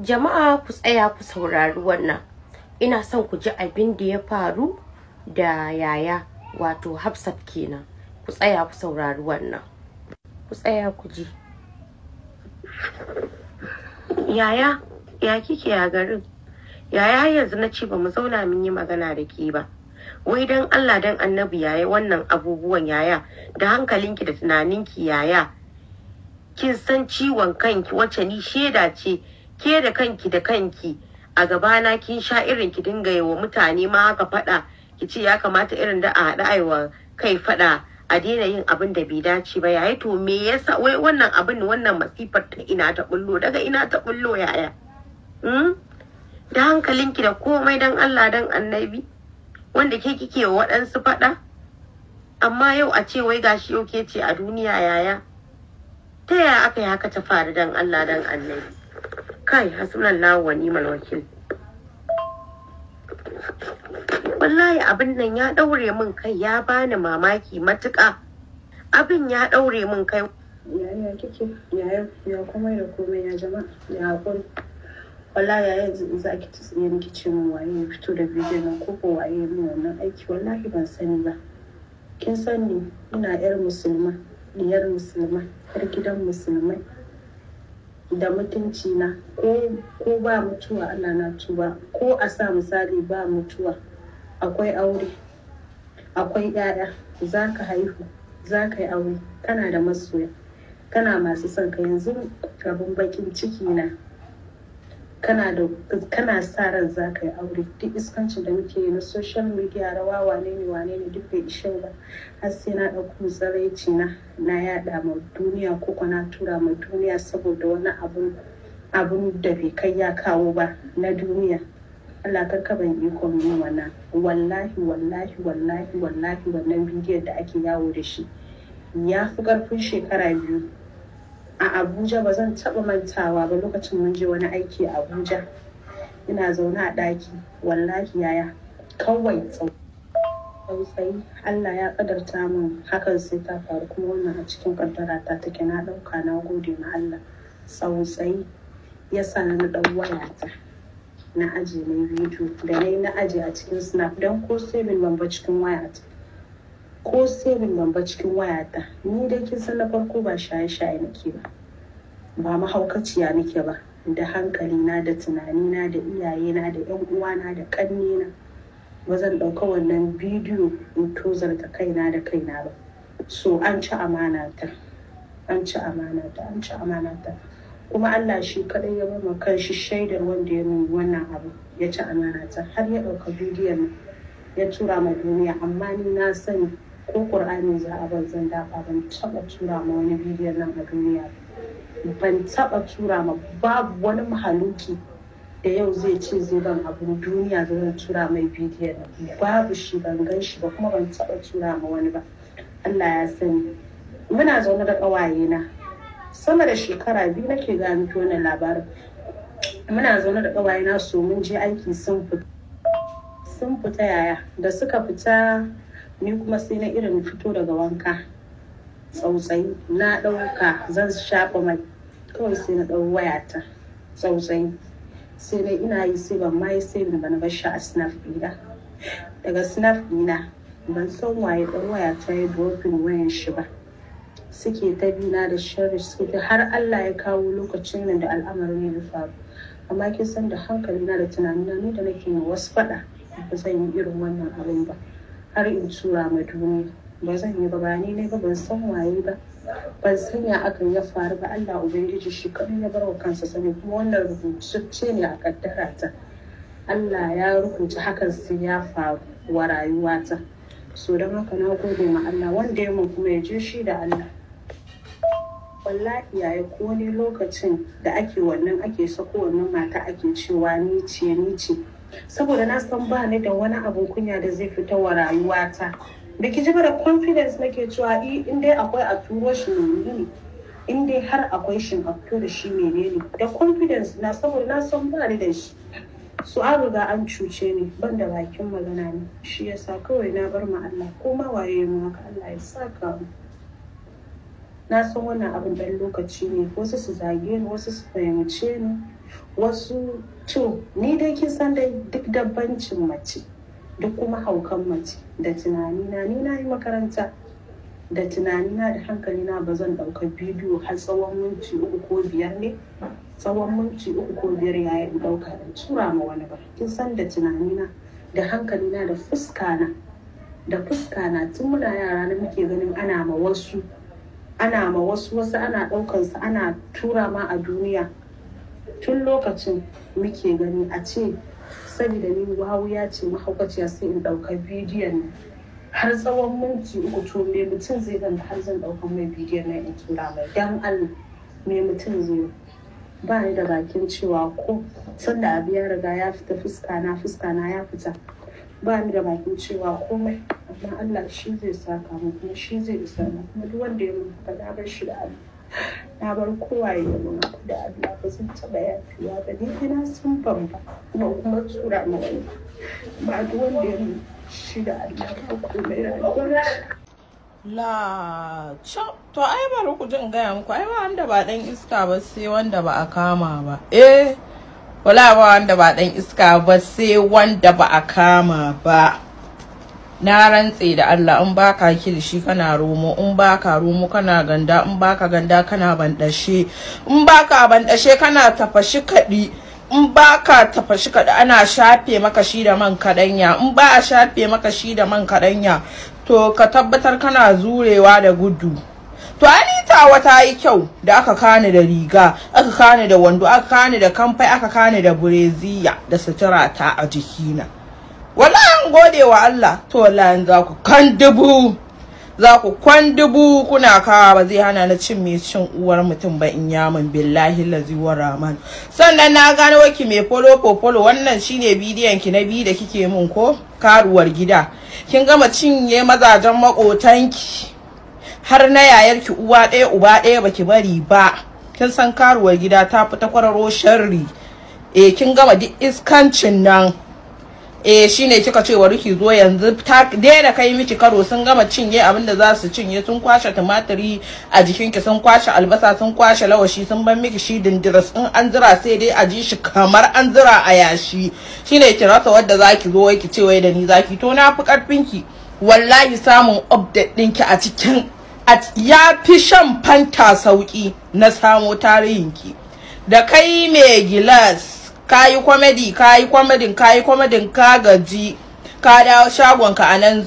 jama'a ku tsaya ku saurari wannan ina son ku ji abin da ya faru da yaya wato hafsat kenan ku tsaya ku saurari wannan ku tsaya ku ji yaya ya kike a garin yaya yanzu na ce ba mu zauna mun yi magana da ke ba wai don allah don annabi yaya wannan abubuwan yaya da hankalinki da tunaninki yaya kin san ciwon kanki wacce ni shaida ce ke da kanki da kanki a gabana kin sha irin ki dinga yi wa mutane ma haka faɗa ki ce ya kamata irin da a haɗa aiwa kai faɗa a daina yin abin da bai dace ba yayi to me yasa wai wannan abin wannan masifar ta ina ta bullo daga ina ta bullo yaya hmm? da hankalinki da komai dan Allah dan annabi wanda ke kike wa waɗansu faɗa amma yau a ce wai gashi yau ke ce a duniya yaya ta yaya aka yi haka ta faru dan Allah dan annabi kai hasbunallahu wa ni'mal wakil wallahi abin nan ya daure min kai ya bani mamaki matuƙa abin ya daure min kai yaya kike yaya ya komai da komai ya jama ya hakuri wallahi yaya za ki tsiye ni kice min waye ya fito da bidiyo na koko waye min wannan aiki wallahi ban sani ba kin sani ina yar musulma ni yar musulma yar gidan musulmai da mutunci na ko ba mutuwa ana na tuba ko a sa misali ba mutuwa akwai aure akwai 'ya'ya za ka haihu za ka yi aure kana da masoya kana masu son ka yanzu abin bakin ciki na kana sa ran za ka yi aure duk iskancin da muke yi na social media rawa wane ne wane ne duk bai ishe ba har sai na ɗauko tsaraici na na yaɗa ma duniya ko na tura ma duniya saboda wani abun da bai kai ya kawo ba na duniya Allah ka ban ikon ne wannan wallahi wallahi wallahi wallahi wannan bidiyon da ake yawo da shi ya fi ƙarfin shekara biyu a abuja ba zan taɓa mantawa ba lokacin mun je wani aiki a abuja ina zaune a ɗaki wallahi yaya kawai tsautsayi allah ya ƙadarta min hakan sai ta faru kuma wannan a cikin ƙaddara ta take na ɗauka na gode ma allah tsautsayi ya sa na ɗau wayata na aje na bidiyo da na yi na aje a cikin snap don ko sai ban cikin wayata ko sai ban ba cikin wayata ni dai kin san na farko ba shaye-shaye nake ba ba mahaukaciya nake ba da hankali na da tunani na da iyaye na da yan uwana da na ba zan dauka wannan bidiyo in ta kaina da kaina ba so an ci amana ta an ci amana ta an ci amana ta kuma Allah shi kaɗai ya bar kan shi shaidar wanda ya nuna wannan abu ya ci amana ta har ya ɗauka bidiyon ya tura ma duniya amma ni na sani ko ƙur'ani za a ban zan dafa ban taɓa tura ma wani bidiyon nan a duniya ban taɓa tura ma babu wani mahaluki da yau zai ce zai ban abu duniya da zan tura mai bidiyon babu shi ban gan shi ba kuma ban taɓa tura ma wani ba Allah ya sani muna zaune da ƙawaye na sama da shekara biyu nake ga ta wannan labarin muna zaune da ƙawaye na so mun je aiki sun fita yaya da suka fita ni kuma sai na irin fito daga wanka tsautsayi na ɗauka zan shafa mai kawai sai na ɗau wayata tsautsayi sai na ina yi sai ban ma yi sai ban bar shi a snap ɗina daga snap ɗina ban san waye ɗan wayata ta yi dropin wayan shi ba suke ta bina da sharri suke ta har Allah ya kawo lokacin nan da al'amarin ya faru amma kin san da hankali na da tunanina ni da nake wasu faɗa ba zan yi irin wannan abin ba har in tura mai duniya ba zan yi ba ba ne ba ban san waye ba ban san ya akan ya faru ba Allah ubangiji shi kadai ya bar wa kansa sani kuma wannan rubutacce ne a kaddara ta Allah ya rubuta hakan sai ya faru wa rayuwata so don haka na gode ma Allah wanda ya mun kuma ya je shi da Allah wallahi yayi ko ne lokacin da ake wannan ake sako wannan mata ake cewa ni ce ni ce saboda na san ba ni da wani abun kunya da zai fita wa rayuwata da ki ji da confidence nake cewa in dai akwai a turo shi ne in dai har akwai shin a da shi menene da confidence na saboda na san ba ni da shi su an riga an cuce ni ban da bakin magana ne shi yasa kawai na bar mu Allah ko ma waye mu haka Allah ya saka mu na san wannan abin ɗan lokaci ne wasu su zage ni wasu su fahimce ni wasu to ni dai kin san dai duk dabbancin mace duk kuma haukan mace da tunani na ni na yi makaranta da tunani na da hankali na ba zan ɗauka bidiyo har tsawon minti uku ko biyar ne tsawon minti uku ko biyar ya yi ɗauka da tura ma wani ba kin san da tunani na da hankali na da fuska na da fuska na tun muna yara na muke ganin ana ma wasu ana ma wasu wasu ana ɗaukansu ana tura ma a duniya tun lokacin muke gani a ce saboda ni ya ce mahaukaciya sai in ɗauka bidiyon har tsawon minti uku to me mutum zai ganta har zan ɗauka mai bidiyon na in tura mai dan allah me mutum zai ba ni da bakin cewa ko sanda abu ya riga ya fita fuska na fuska na ya fita ba ni da bakin cewa komai amma Allah shi zai saka mu kuma shi zai isa mu kuma duk wanda ya mun faɗa bar shi da Allah na bar kowaye ya mun da Allah ba zan taɓa yafiya ba ni ina sun ban ba kuma kuma tsura ma wani ba duk wanda ya mun shi da Allah ba komai rayuwa La to ai bari ku jin gaya muku ai ba wanda ba dan iska ba sai wanda ba a kama ba eh wala ba wanda ba dan iska ba sai wanda ba a kama ba na rantse da Allah in baka kilishi kana romo in baka romo kana ganda in baka ganda kana bandashe in baka bandashe kana tafashi kadi in baka tafashi kadi ana shafe maka shi da man kadanya in ba a shafe maka shi da man kadanya to ka tabbatar kana zurewa da gudu to anitawa ta yi kyau da aka kani da riga aka kani da wando aka kani da kamfai aka kani da bureziya da sutura ta a jikina wallahi gode wa Allah to wallahi za ku kan dubu za ku kwan dubu kuna kawa ba zai hana na cin mai cin uwar mutum ba in yamin billahi lazi wa rahman sannan na gano ki mai folo folo wannan shine bidiyon ki na biyu da kike min ko karuwar gida kin gama cinye mazajen makotanki har na yayarki uwa ɗaya uba ɗaya baki bari ba kin san karuwar gida ta fi ta kwararo sharri e kin gama duk iskancin nan e shine kika ce wa riki zo yanzu ta daina kai miki karo sun gama cinye abin da za su cinye sun kwashe tumatiri a jikinki sun kwashe albasa sun kwashe lawashi sun ban miki shi dindiras in an zira sai dai a ji shi kamar an zira a yashi shine ki rasa wadda zaki zo wai ki ce wai da ni zaki to na fi karfin ki wallahi samun update ɗinki a cikin at ya fi shan fanta sauki na samo tarihinki da kai mai gilas ka yi kwamedi ka yi comedy ka gaji ka da gaji ka dawo shagonka a nan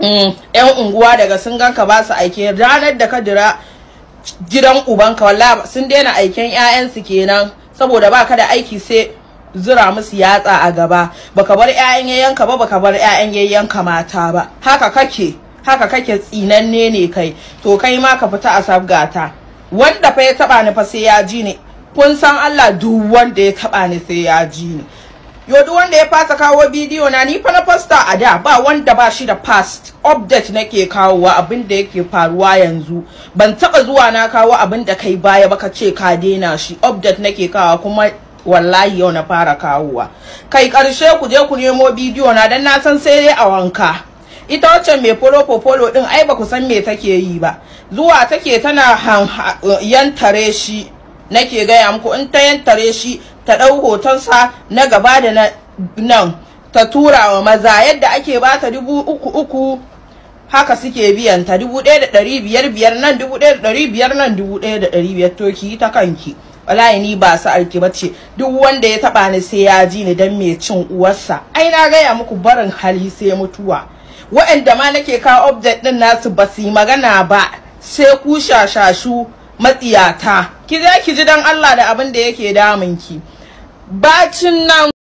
yan mm, unguwa daga sun ganka ba su aike ranar da ka jira gidan ubanka wallahi sun daina aiken 'ya'yansu kenan saboda baka da aiki sai zura musu yatsa a gaba baka bar 'ya'yan yayyanka ba baka bar 'ya'yan yayyanka mata ba haka kake haka kake tsinanne ne kai to kai ma ka fita a sabgata wanda fa ya taba ni fa sai ya ji ne, kun san Allah duk wanda ya taba ni sai ya ji ne. yo duk wanda ya fasa kawo bidiyo na ni fa na a da ba wanda ba shi da past update nake kawowa abin da yake faruwa yanzu ban taba zuwa na kawo abin da kai baya ba ka ce ka daina shi update nake kawo kuma wallahi yau na fara kawowa kai karshe ku je ku nemo bidiyo na dan na san sai dai a wanka ita waccan mai polo polo din ai baku san me take yi ba zuwa take tana yantare shi nake gaya muku in ta yantare shi ta ɗau sa na gaba da nan ta tura wa maza yadda ake bata dubu uku uku haka suke biyan ta dubu ɗaya da ɗari biyar biyar nan dubu ɗaya da ɗari biyar nan dubu ɗaya da ɗari biyar to ki ta kanki wallahi ni ba su alki bace duk wanda ya taɓa ni sai ya ji ni dan mai cin uwarsa ai na gaya muku barin hali sai mutuwa waɗanda ma nake kawo object din nasu ba su yi magana ba sai ku shashashu matsiyata ki je ki ji dan Allah da abin da yake damun ki bacin nan